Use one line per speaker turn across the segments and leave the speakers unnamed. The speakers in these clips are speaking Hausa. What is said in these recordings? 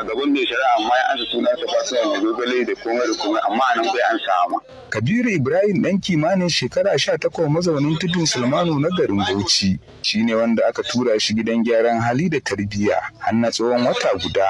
a gaban mai shari'a amma ya ansa suna ta ba mai gogale da kome da kome, amma anan bai an sama Kabiru Ibrahim ɗan kimanin shekara sha takwa mazaunin tudun Sulmanu na garin Bauchi shine wanda aka tura shi gidan gyaran hali da tarbiyya har na tsawon wata guda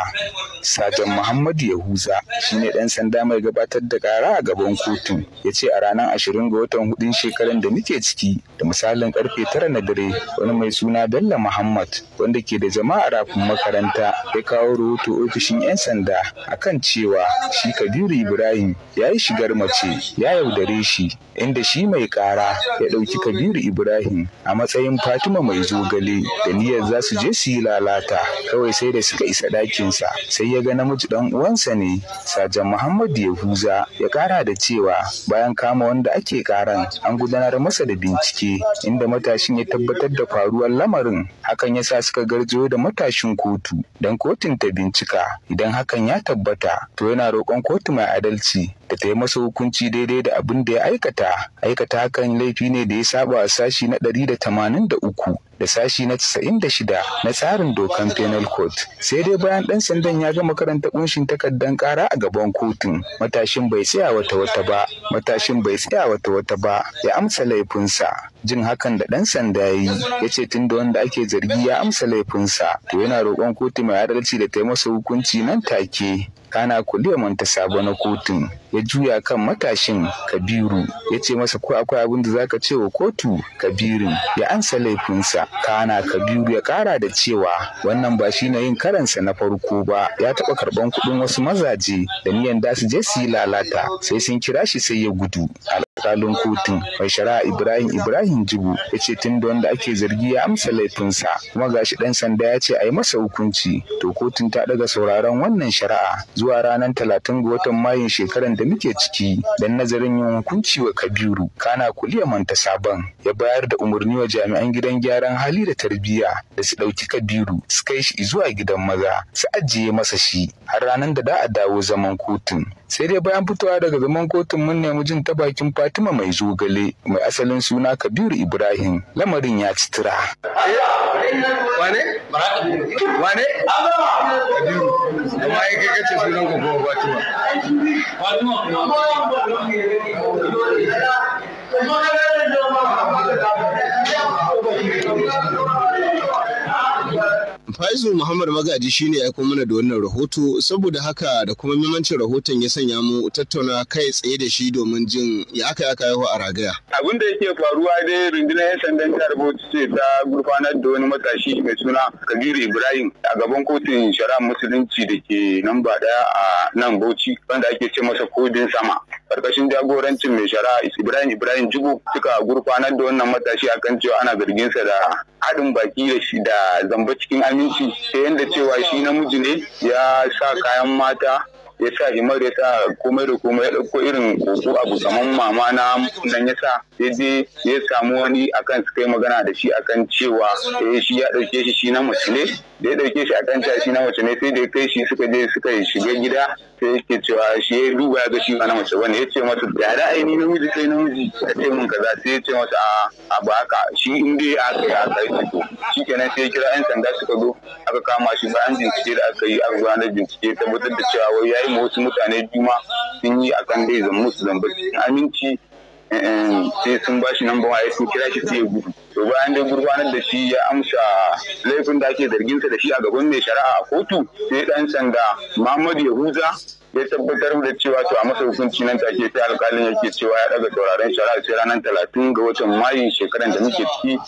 Sajan Muhammadu Yahuza shi ne dan sanda mai gabatar da kara a gaban kotun. Ya ce a ranar ashirin ga watan hudun shekaran da muke ciki da misalin karfe tara na dare wani mai suna Bello Muhammad wanda ke da jama'a rafin makaranta ya kawo rahoto ofishin 'yan sanda kan cewa shi kabiru ibrahim ya yi shigar mace ya yaudare shi inda shi mai kara ya ɗauki kabiru ibrahim a matsayin fatima mai zogale da niyyar za su je su yi lalata kawai sai da suka isa dakinsa, sai ya ga namiji ɗan uwansa ne sajan muhammad yahuza ya kara da cewa bayan kama wanda ake karan an gudanar masa da bincike inda matashin ya tabbatar da faruwar lamarin hakan ya sa suka garjo da matashin kotu don kotun ta bincika idan hakan ya tabbata to yana roƙon kotu mai adalci da ta yi masa hukunci daidai da abin da ya aikata aikata hakan laifi ne da ya saba sashi na ɗari da tamanin da uku da sashi na 96 na tsarin dokan penal code sai dai bayan dan sandan ya gama karanta kunshin takaddan kara a gaban kotun matashin bai tsaya wata wata ba matashin bai tsaya wata wata ba ya amsa laifinsa jin hakan da dan sanda ya yi ya ce tun da wanda ake zargi ya amsa laifinsa to yana roƙon kotu mai adalci da ta yi masa hukunci nan take kana kuliya ta sabo na kotun ya juya kan matashin kabiru ya ce masa ko akwai abin da zaka ce wa kotu kabirin ya ansa laifinsa kana kabiru ya kara da cewa wannan ba shi na yin karansa na farko ba ya taɓa karɓan kuɗin wasu mazaje da niyan da su je su yi lalata sai sun kira shi sai ya gudu alƙalin kotun mai shari'a ibrahim ibrahim jibu ya ce tun da wanda ake zargi ya amsa laifinsa kuma gashi ɗan sanda ya ce a yi masa hukunci to kotun ta ɗaga sauraron wannan shari'a zuwa ranar talatin ga watan mayun shekaran da muke ciki don nazarin yin hukunci wa kabiru kana kuliya manta sabon ya bayar da umarni wa jami'an gidan gyaran hali da tarbiyya da su ɗauki kabiru su kai shi zuwa gidan maza su ajiye masa shi har ranar da da a dawo zaman kotun sai dai bayan fitowa daga zaman kotun mun nemi jin ta bakin fatima mai zogale mai asalin suna kabiru ibrahim lamarin ya ci tura wane wane kabiru sunan ka kuma Fatima. Fatima kuma.
Faizu Muhammad Magaji shine ya aiko mana da wannan rahoto saboda haka da kuma mimancin rahoton ya sanya mu tattauna kai tsaye da shi domin jin
ya aka aka yawa a ragaya. Abin da yake faruwa dai rundunar 'yan sandan jihar ce ta gurfanar da wani matashi mai suna Kabiru Ibrahim a gaban kotun shari'a musulunci da ke ba daya a nan Bauchi wanda ake ce masa kodin sama. Karkashin jagorancin mai shari'a Ibrahim Ibrahim Jigu suka gurfanar da wannan matashi akan cewa ana zargin sa da haɗin baki da shi zamba cikin aminci shi ta yadda cewa shi namiji ne ya sa kayan mata ya sa himar ya sa komai da komai ya ɗauko irin koko abu kamar mama na nan ya sa ya je ya samu wani akan su kai magana da shi akan cewa eh shi ya ɗauke shi shi na mace ne da ya ɗauke shi akan ta shi na mace ne sai da ya kai shi suka je suka shiga gida sai yake cewa shi ya duba ya ga shi na mace wani ya ce masa ya da aini namiji sai namiji ya ce mun kaza sai ya ce masa a abu haka shi in dai aka yi aka yi to shi kenan sai ya kira 'yan sanda suka zo aka kama shi bayan bincike da aka yi a gudanar bincike tabbatar da cewa wai ya yi mu wasu mutane juma sun yi a kan dai zamu musu zambar cikin aminci sai eh, eh, sun ba shi nan ya sun kira shi sai gudu to bayan dai gurbanar da shi ya amsa laifin da ake zargin sa da shi a gaban mai shari'a a kotu sai dan sanda Muhammadu Yahuza ya tabbatar da cewa to a masa hukunci nan take sai alƙalin yake cewa ya daga tauraron shari'a sai ranar talatin ga watan Mayu shekaran da muke ciki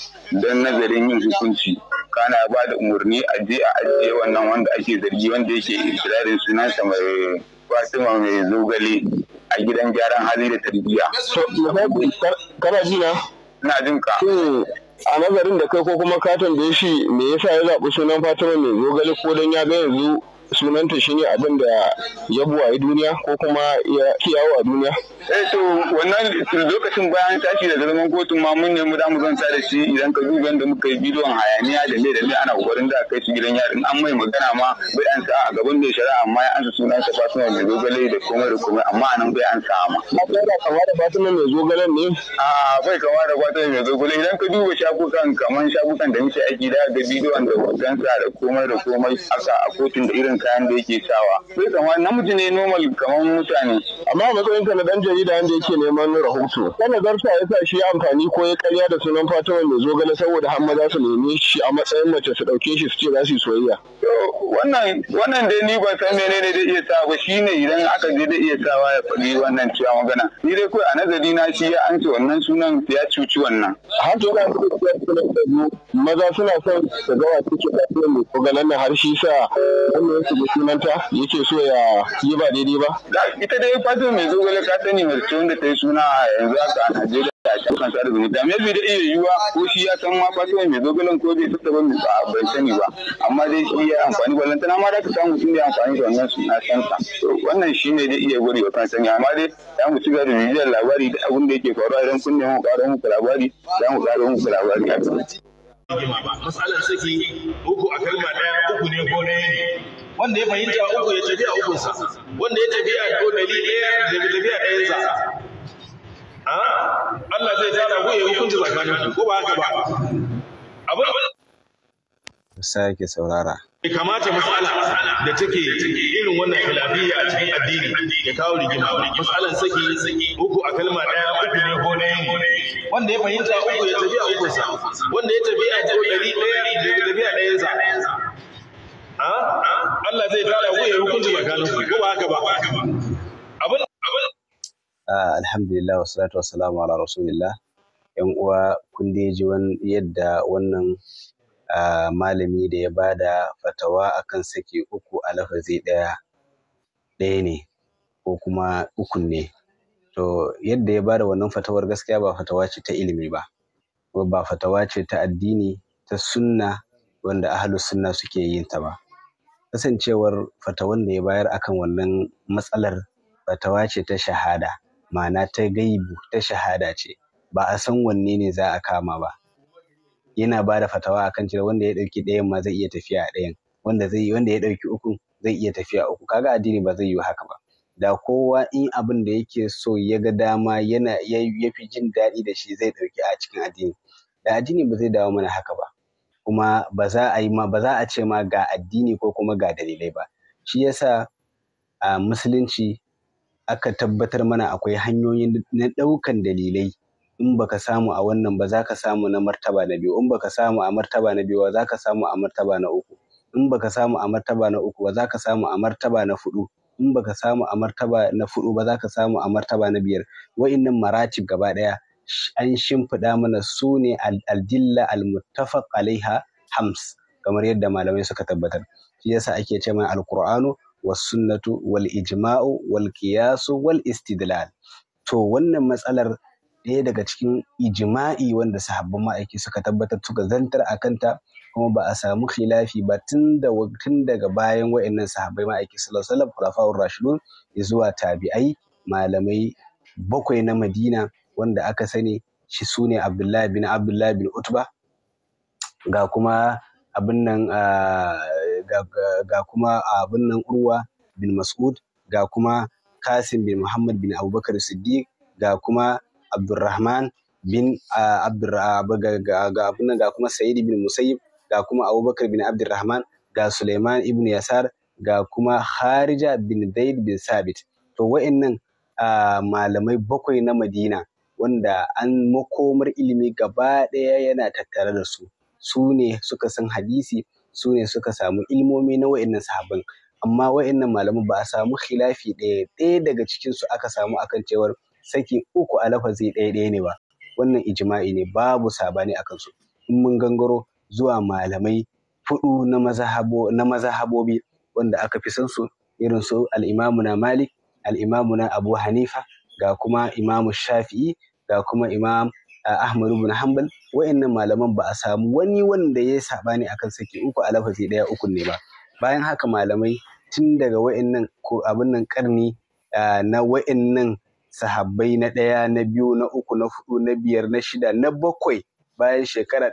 don nazarin yin hukunci kana ba da umarni a je a ajiye wannan wanda ake zargi wanda yake ikirarin sunansa mai Fatima mai zogale a gidan gyaran hali da tarbiyya. Kana ji na? Na jin ka. A nazarin da kai ko kuma katon da shi me yasa ya zaɓi sunan Fatima mai zogale ko dan ya ga yanzu sunanta ne abin da ya yi duniya ko kuma ya kiyawo a duniya eh to wannan lokacin bayan tashi da zaman kotun ma mun nemi za mu zanta da shi idan ka duba da muka yi bidiyon hayaniya da lai da lai ana kokarin da kai shi gidan yarin an mai magana ma bai an sa a gaban mai shari'a amma ya ansa sunan sa Fatima mai zogale da komai da komai amma anan bai an sa ma na da kama da Fatima mai zogale ne a bai kama da Fatima mai zogale idan ka duba shafukan kaman shafukan da muke aiki da ga bidiyon da wajen sa da komai da komai aka a kotun da irin kayan da yake sawa sai kamar namiji ne normal kamar mutane amma a matsayin ka na dan jarida wanda yake neman rahoto kana zarta yasa shi ya amfani ko ya karya da sunan Fatima mai zogale saboda har maza su neme shi a matsayin mace su dauke shi su ce za su yi soyayya wannan wannan dai ni ba san menene da iya sa ba shine idan aka je da iya sawa ya faɗi wannan cewa magana ni dai kawai a nazari na shi ya an wannan sunan ya cuci wannan har to ga maza suna son su ga wasu ke da ko ganan har shi sa wannan tuba sunanta yake so ya yi ba daidai ba ita dai fatima mai zogale ka sani mace da ta yi suna yanzu a najeriya a shi kan sa da zai da iya yiwuwa ko shi ya san ma fatima mai zogalen ko bai sassa ba bai sani ba amma dai shi ya amfani ba lantana ma da ta samu sun yi amfani da wannan suna sa. wannan shi ne zai iya gode wa kansa amma dai za mu ci gaba da bibiyar labari da abin da yake faruwa idan kun nemi mu karo muku labari za mu ƙara muku labari a kan. Masalar saki uku a kalma ɗaya uku ne ko ɗaya ne wanda ya fahimta uku ya tafiya uku sa wanda ya tafiya ko dali ɗaya da tafiya ɗayan sa Allah zai tara ku ya hukunci tsakanin ku ko ba haka ba abin sake saurara kamata mas'ala da take irin wannan khilafiyya a cikin addini ya kawo rigima mas'alan saki uku a kalma daya uku ne ko ɗayan wanda ya fahimta uku ya tafiya uku sa wanda ya tafiya ko dari ɗaya da tafiya ɗayan sa Allah zai tara ku ya hukunci tsakanin ku ko haka ba abin
ah, alhamdulillah wassalatu wassalamu ala rasulillah yan uwa kun ji yadda wannan ah, malami da ya bada fatawa akan saki uku a lafazi ɗaya ɗaya ne ko kuma uku ne to yadda ya bada wannan fatawar gaskiya ba fatawa ce ta ilimi ba ba fatawa ce ta addini ta sunna wanda ahlus sunna suke yin ta ba kasancewar fatawan da ya bayar akan wannan matsalar fatawa ce ta shahada ma'ana ta gaibu ta shahada ce ba a san wanne ne za a kama ba yana ba da fatawa akan cewa wanda ya ɗauki ɗayan ma zai iya tafiya a ɗayan wanda zai wanda ya ɗauki uku zai iya tafiya uku kaga addini ba zai yi haka ba da kowa in abin da yake so ya ga dama yana ya fi jin daɗi da shi zai ɗauki a cikin addini da addini ba zai dawo mana haka ba kuma ba za a yi ma ba za a ce ma ga addini ko kuma ga dalilai ba shi yasa a musulunci aka tabbatar mana akwai hanyoyin na ɗaukan dalilai in baka samu a wannan ba za ka samu na martaba na biyu in baka samu a martaba na biyu ba za ka samu a martaba na uku in baka samu a martaba na uku ba za ka samu a martaba na hudu in baka samu a martaba na hudu ba za ka samu a martaba na biyar wa'innan maratib gaba ɗaya an shimfiɗa mana su ne aljilla almuttafaq alaiha hams kamar yadda malamai suka tabbatar shi yasa ake ce mana alqur'anu was sunnatu wal ijma'u wal qiyasu wal istidlal to wannan matsalar ɗaya daga cikin ijma'i wanda sahabban ma'aiki suka tabbatar suka zantar a kanta kuma ba a samu khilafi ba tun daga bayan wa'annan sahabbai ma'aiki sallallahu alaihi wasallam rashidun zuwa tabi'ai malamai bakwai na Madina wanda aka sani shi su ne abdullahi bin abdullahi bin utba ga kuma abin nan ga kuma abin nan urwa bin mas'ud ga kuma kasim bin muhammad bin abubakar siddiq ga kuma abdurrahman bin ga abin nan ga kuma sa'id bin musayyib ga kuma abubakar bin abdurrahman ga suleiman ibn yasar ga kuma harija bin zaid bin sabit to wa'annan malamai bakwai na madina wanda an makomar ilimi gaba ɗaya yana tattare da su su ne suka san hadisi su ne suka samu ilmomi na wa'annan sahabban amma wa'annan malaman ba a samu khilafi ɗaya ɗaya daga cikin su aka samu akan cewar saki uku a lafazi ɗaya ɗaya ne ba wannan ijma'i ne babu sabani akan su in mun gangaro zuwa malamai huɗu na mazahabo na mazahabobi wanda aka fi san su irin su al na Malik al na Abu Hanifa ga kuma imamu Shafi'i da kuma imam Ahmadu bin Hanbal wa'annan malaman ba a samu wani wanda ya sabani akan saki uku a lafazi daya uku ne ba bayan haka malamai tun daga wa'annan ko abin nan karni na wa'annan sahabbai na ɗaya na biyu na uku na hudu na biyar na shida na bakwai bayan shekara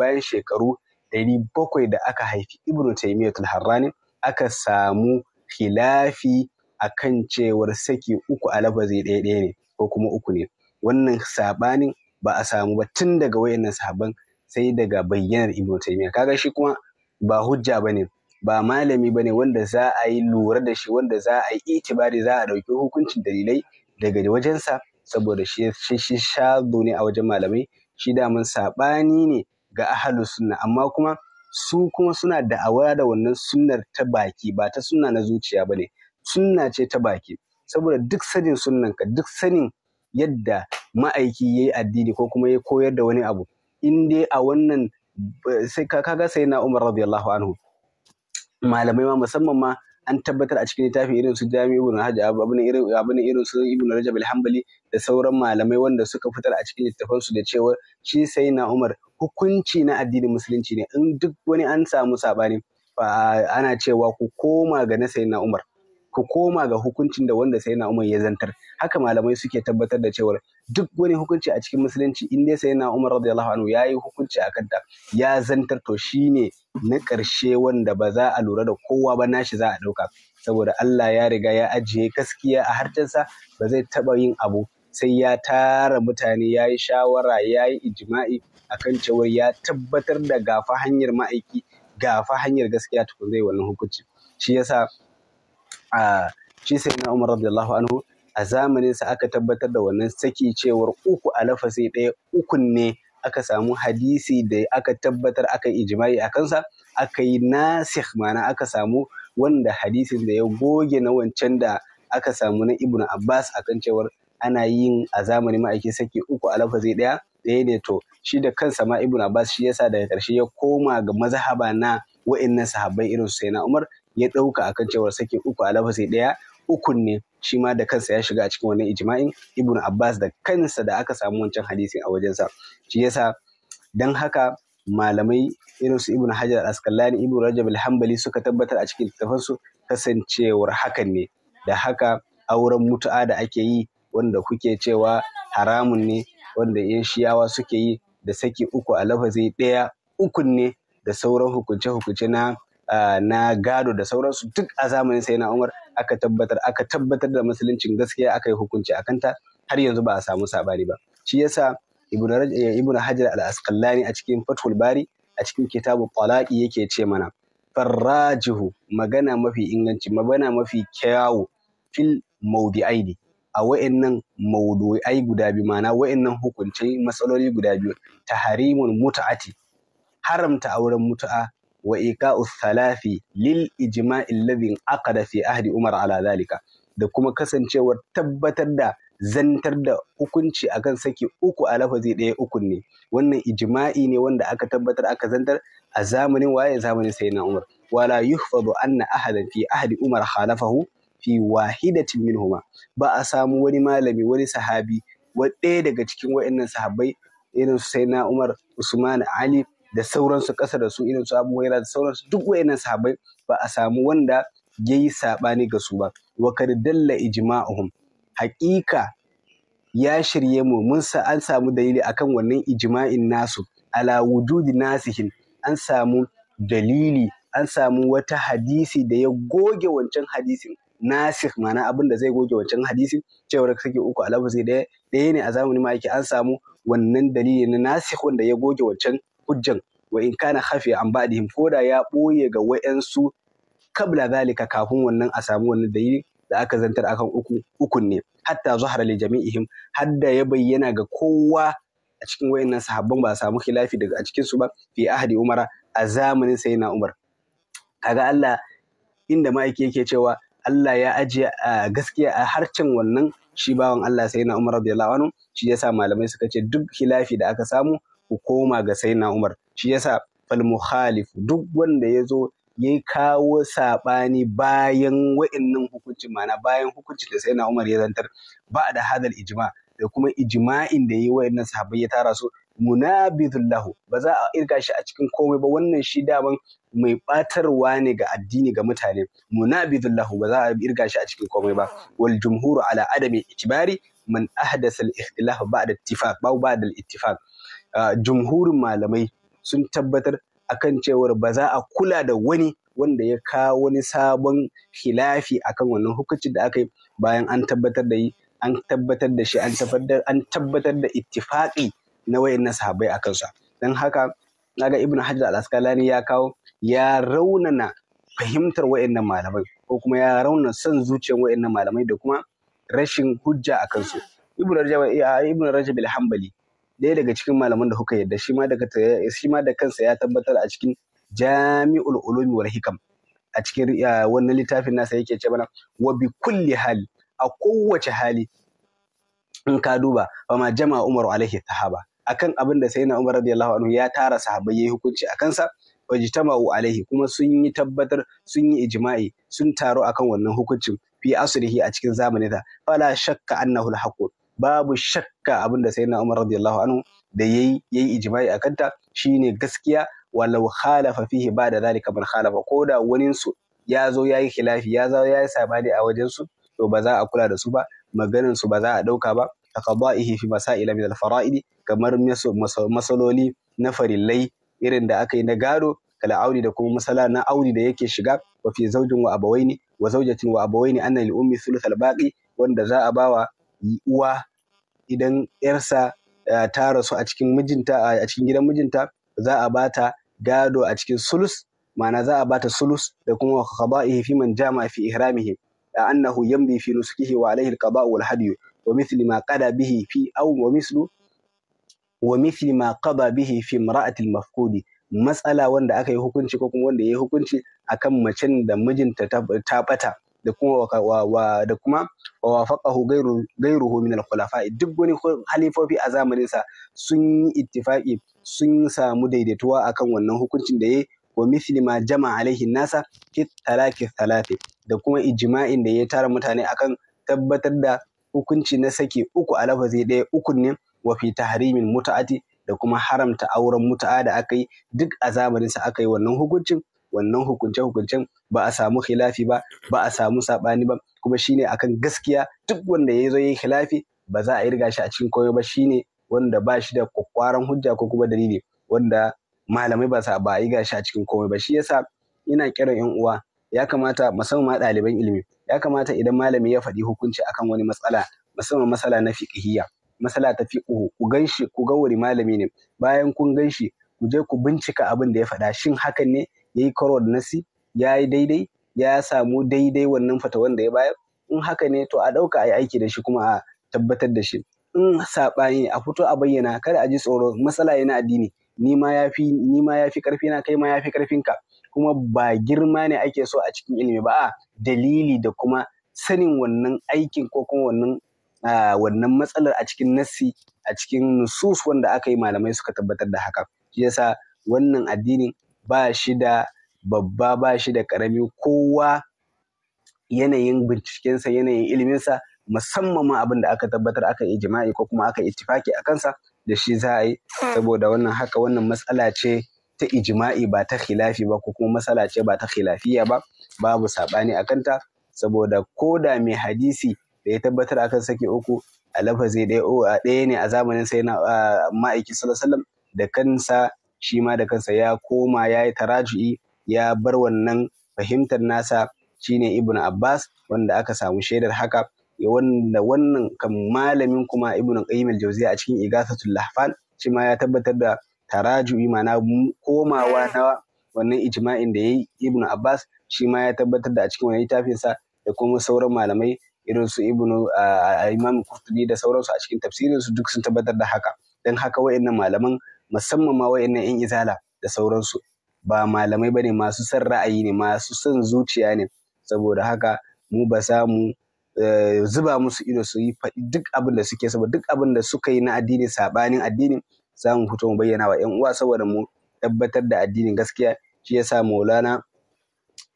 bayan shekaru ɗari bakwai da aka haifi ibnu taimiyatul harrani aka samu khilafi akan cewar saki uku a lafazi ɗaya ɗaya ne ko kuma uku ne wannan saɓanin ba a samu ba tun daga wayannan sahabban sai daga bayyanar Ibn taymiya kaga shi kuma ba hujja bane ba malami bane wanda za a yi lura da shi wanda za a yi itibari za a ɗauki hukuncin dalilai daga wajensa saboda shi shi shazo ne a wajen malamai shi daman saɓani ne ga ahlus sunna amma kuma su kuma suna da'awa da wannan sunnar ta baki ba ta sunna na zuciya bane sunna ce ta baki saboda duk sanin sunnan duk sanin yadda ma'aiki ya yi addini ko kuma ya koyar da wani abu in dai a wannan eh, sai kaga sai na umar radiyallahu anhu malamai ma musamman ma an tabbatar a cikin littafin irin su jami ibn hajji abin irin abin irin su ibn rajab al da sauran malamai wanda suka fitar a cikin littafan su da cewa shi sai na umar hukunci na addinin musulunci ne in duk wani an samu sabani ana cewa ku koma ga na sai na umar ku koma ga hukuncin da wanda sai na umar ya zantar haka malamai suke tabbatar da cewar duk wani hukunci a cikin musulunci in dai sai na umar radiyallahu anhu ya yi hukunci a kanta ya zantar to shine na karshe wanda ba za a lura da kowa ba nashi za a ɗauka saboda Allah ya riga ya ajiye gaskiya a harcensa ba zai taba yin abu sai ya tara mutane ya yi shawara ya yi ijima'i akan cewar ya tabbatar da gafa hanyar ma'aiki gafa hanyar gaskiya tukun zai wannan hukunci shi yasa a shi sai na umar radiyallahu anhu a zamanin sa aka tabbatar da wannan saki cewar uku a lafasi ɗaya ukun ne aka samu hadisi da aka tabbatar aka ijimai a kansa aka yi nasikh mana aka samu wanda hadisin da ya goge na wancan da aka samu na ibnu abbas akan cewar ana yin a zamanin ma'aiki saki uku a lafazi ɗaya ɗaya ne to shi da kansa ma ibnu abbas shi yasa daga ƙarshe ya koma ga mazhaba na wa'annan sahabbai irin su na umar ya ɗauka akan cewar sake uku a lafasi ɗaya ukun ne shi ma da kansa ya shiga a cikin wannan ijma'in ibn abbas da kansa da aka samu wancan hadisi a wajensa shi yasa dan haka malamai irin su ibn hajar askalani ibn rajab al suka tabbatar a cikin su kasancewar hakan ne da haka auren mutu'a da ake yi wanda kuke cewa haramun ne wanda yan shiyawa suke yi da saki uku a lafazi ɗaya ukun ne da sauran hukunce-hukunce na na gado da sauransu duk a zamanin sai na umar aka tabbatar aka tabbatar da musuluncin gaskiya aka yi hukunci a kanta har yanzu ba a samu sabari ba shi yasa eh, ibn hajar al-asqalani a cikin fatul bari a cikin kitabu talaqi yake ce mana farrajihu magana mafi inganci magana mafi kyawu fil maudi'aini a wa'annan maudu'ai guda biyu ma'ana wa'annan hukunci matsaloli guda biyu taharimul mut'ati haramta auren mutu'a wa iqa'u lil ijma'i alladhi aqada fi ahdi Umar ala zalika da kuma kasancewar tabbatar da zantar da hukunci akan saki uku a lafazi ɗaya uku ne wannan ijma'i ne wanda aka tabbatar aka zantar a zamanin waye zamanin sayyidina Umar wala yuhfadu anna ahadan fi ahdi Umar khalafahu fi wahidatin huma. ba a samu wani malami wani sahabi ɗaya daga cikin wa'annan sahabbai irin su sayyidina Umar Usman Ali da sauransu ƙasa da su irin su Abu waira da sauransu duk wayannan sahabbai ba a samu wanda ya yi saɓani ga su ba Wakar dalla ijma'uhum haƙiƙa ya shirye mu mun sa an samu dalili akan wannan ijma'in nasu ala wujudi nasihin an samu dalili an samu wata hadisi da ya goge wancan hadisin nasih ma'ana abin da zai goge wancan hadisin cewar kake uku alafu sai ɗaya ne a zamanin ma'aiki an samu wannan dalili na nasih wanda ya goge wancan hujjan wa in kana hafi an ba'dihim ko da ya ɓoye ga wa'yansu kabla zalika kafin wannan a samu wannan dalili da aka zantar akan uku ukun ne hatta zuhara li jami'ihim hadda ya bayyana ga kowa a cikin wayannan sahabban ba a samu khilafi daga a cikin su ba fi ahadi umara a zamanin sayyidina umar kaga Allah inda ma yake cewa Allah ya ajiye a gaskiya a harcen wannan shi bawan Allah sayyidina umar radiyallahu anhu shi yasa malamai suka ce duk khilafi da aka samu ku koma ga sayyidina Umar shi yasa fal mukhalifu duk wanda ya zo ya kawo saɓani bayan nan hukunci mana bayan hukunci da sayyidina Umar ya zantar ba da hadal ijma da kuma ijma'in da yi wa'innan sahabbai ya tara su munabidun lahu ba za a irga shi a cikin komai ba wannan shi daman mai batarwa ne ga addini ga mutane munabidun lahu ba za a irga shi a cikin komai ba wal jumhuru ala adami itibari man ahdasa al-ikhtilaf ba'da ittifaq ba ba'da al-ittifaq jumhurin malamai sun tabbatar akan cewar ba za a kula da wani wanda ya kawo wani sabon khilafi akan wannan hukunci da aka yi bayan an tabbatar da yi an tabbatar da shi an tabbatar an tabbatar da ittifaqi na wayannan sahabbai akan sa dan haka ga ibnu hajar al-asqalani ya kawo ya raunana fahimtar wayannan malamai ko kuma ya raunana son zuciyar wayannan malamai da kuma rashin hujja akan su ibnu rajab ibnu ɗaya daga cikin malaman da kuka yadda shi ma shi ma da kansa ya tabbatar a cikin Jami'ul Ulumi wal Hikam a cikin wannan littafin nasa yake ce mana wa bi kulli hali a kowace hali in ka duba fa ma jama'a Umar alaihi sahaba akan abin da na Umar radiyallahu anhu ya tara sahabbai yayi hukunci a kansa wajtama'u alaihi kuma sun yi tabbatar sun yi ijma'i sun taro akan wannan hukuncin fi asrihi a cikin zamanin fala shakka annahu al babu shakka abin da sayyidina Umar radiyallahu anhu da yayi yayi ijma'i a kanta shine gaskiya walau khalafa fihi ba da zalika man khalafa ko da wani su ya zo yayi khilafi ya zo yayi sabani a wajen su to ba za a kula da su ba maganin su ba za a dauka ba kaqada'ihi fi masail min al-fara'id kamar masaloli na farillai irin da aka yi na gado kala auri da kuma masala na auri da yake shiga wa fi zaujin wa abawaini wa zaujatin wa abawaini anna ummi thuluth al baqi wanda za a bawa uwa idan yarsa eh, ta rasu a cikin mijinta a cikin gidan mijinta za a bata gado a cikin sulus ma'ana za a bata sulus da kuma qada'ihi fi man jama fi ihramihi annahu yamdi fi nusukihi wa alayhi alqada'u wal hadyu wa mithli ma qada bihi fi aw wa mislu wa mithli ma qada bihi fi imra'ati matsala wanda aka yi hukunci ko kuma wanda ya yi hukunci akan macen da mijinta ta bata da kuma wa da kuma wa wafaqahu ghayruhu min al-khulafa'i duk wani halifofi a zamanin sa sun yi ittifaqi sun samu daidaituwa akan wannan hukuncin da yayi wa mithli ma jama'a alaihi nasa fi talaki thalathi da kuma ijma'in da ya tara mutane akan tabbatar da hukunci na saki uku a lafazi ɗaya uku ne wa fi tahrimin muta'ati da kuma haramta auren muta'a da aka yi duk a zamanin sa aka yi wannan hukuncin wannan hukunce hukuncen ba a samu khilafi ba ba a samu saɓani ba kuma shine akan gaskiya duk wanda ya zo yi khilafi ba za a yi shi a cikin koyo ba shine wanda ba shi da kwakwaran hujja ko kuma dalili wanda malamai ba sa ba a yi gashi a cikin komai ba shi yasa ina kiran yan uwa ya kamata musamman ɗaliban ilimi ya kamata idan malami ya faɗi hukunci akan wani matsala musamman matsala na fiqhiyya matsala ta fiqhu ku ganshi ku ga wani malami ne bayan kun ganshi ku je ku bincika abin da ya faɗa shin hakan ne ya yi karo da nasi ya yi daidai ya samu daidai wannan fata wanda ya bayar in haka ne to a ɗauka a yi aiki da shi kuma a tabbatar da shi in saɓani a fito a bayyana kada a ji tsoro matsala yana addini ni ma ya fi ni na kai ma ya fi ka kuma ba girma ne ake so a cikin ilimi ba a dalili da kuma sanin wannan aikin ko kuma wannan wannan matsalar a cikin nassi a cikin nusus wanda aka yi malamai suka tabbatar da haka shi yasa wannan addinin ba shi da babba ba shi da ƙarami kowa yanayin bincikensa yanayin iliminsa musamman ma abin da aka tabbatar aka yi jima'i ko kuma aka ittifaki a kansa da shi za a yi saboda wannan haka wannan matsala ce ta ijima'i ba ta khilafi ba ko kuma matsala ce ba ta khilafiya ba babu saɓani a kanta saboda ko da mai hadisi da ya tabbatar akan saki uku a lafazi ɗaya daya ne a zamanin sai na ma'aiki sallallahu da kansa shi ma da kansa ya koma ya yi taraju'i ya bar wannan fahimtar nasa shine ibn abbas wanda aka samu shaidar haka wanda wannan kan malamin kuma ibn qayyim al-jawziya a cikin igathatul lahfan shi ma ya tabbatar da taraju'i ma'ana komawa na wannan ijma'in da yayi ibn abbas shi ma ya tabbatar da a cikin wani littafin sa da kuma sauran malamai irin su Ibn imam qurtubi da sauransu a cikin tafsirin su duk sun tabbatar da haka dan haka wa'annan malaman musamman ma wayannan yan izala da sauransu ba malamai bane masu son ra'ayi ne masu son zuciya ne saboda haka mu ba za mu eh, zuba musu ido su yi faɗi duk abin da suke saboda duk abin da suka yi na addini sabanin addini za mu fito mu bayyana wa yan uwa saboda mu tabbatar da addinin gaskiya shi yasa Maulana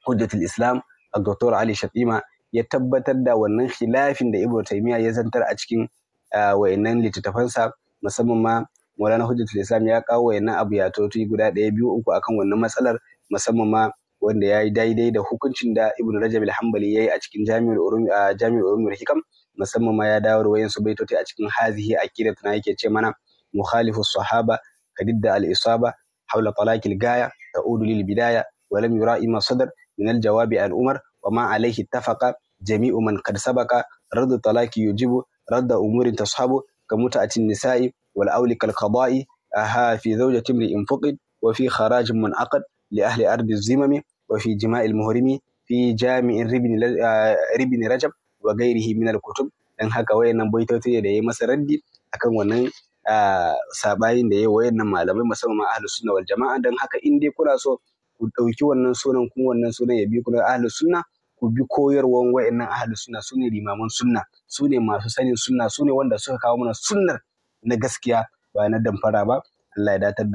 Hujjatul Islam Dr. Ali Shatima ya tabbatar da wannan khilafin da Ibn Taymiyyah ya zantar a cikin eh, wayannan littattafansa musamman ma Maulana Hujjatul Islam ya kawo wayannan abu ya toti guda ɗaya biyu uku akan wannan matsalar musamman ma wanda ya yi daidai da hukuncin da Ibn Rajab al-Hanbali ya yi a cikin jami'ar Ulum a Jami'ul Ulum Hikam musamman ma ya dawo wayan su baitoti a cikin hazihi na yake ce mana mukhalifu sahaba kadidda al-isaba hawla talaqil gaya ta'udu lil bidaya wa lam yura'i ma sadar min al-jawabi al-umar wa ma alayhi ittafaqa jami'u man Sabaka, sabaka radd talaqi yujibu radd umurin tashabu kamuta atin nisa'i والأول كالقضاء أها في زوجة امرئ فقد وفي خراج منعقد لأهل أرض الزمم وفي جماع المهرم في جامع ربن رجب وغيره من الكتب dan haka wayannan baitoci da ya masa raddi akan wannan sabayin da ya wayannan malamai musamman ahlus sunna wal jama'a dan haka in dai kuna so ku ɗauki wannan sunan kuma wannan sunan ya bi ku na ahlus sunna ku bi koyarwan wa'annan ahlus sunna su ne limaman sunna su ne masu sanin sunna su ne wanda suka kawo mana sunnar na gaskiya ba na damfara ba Allah ya datar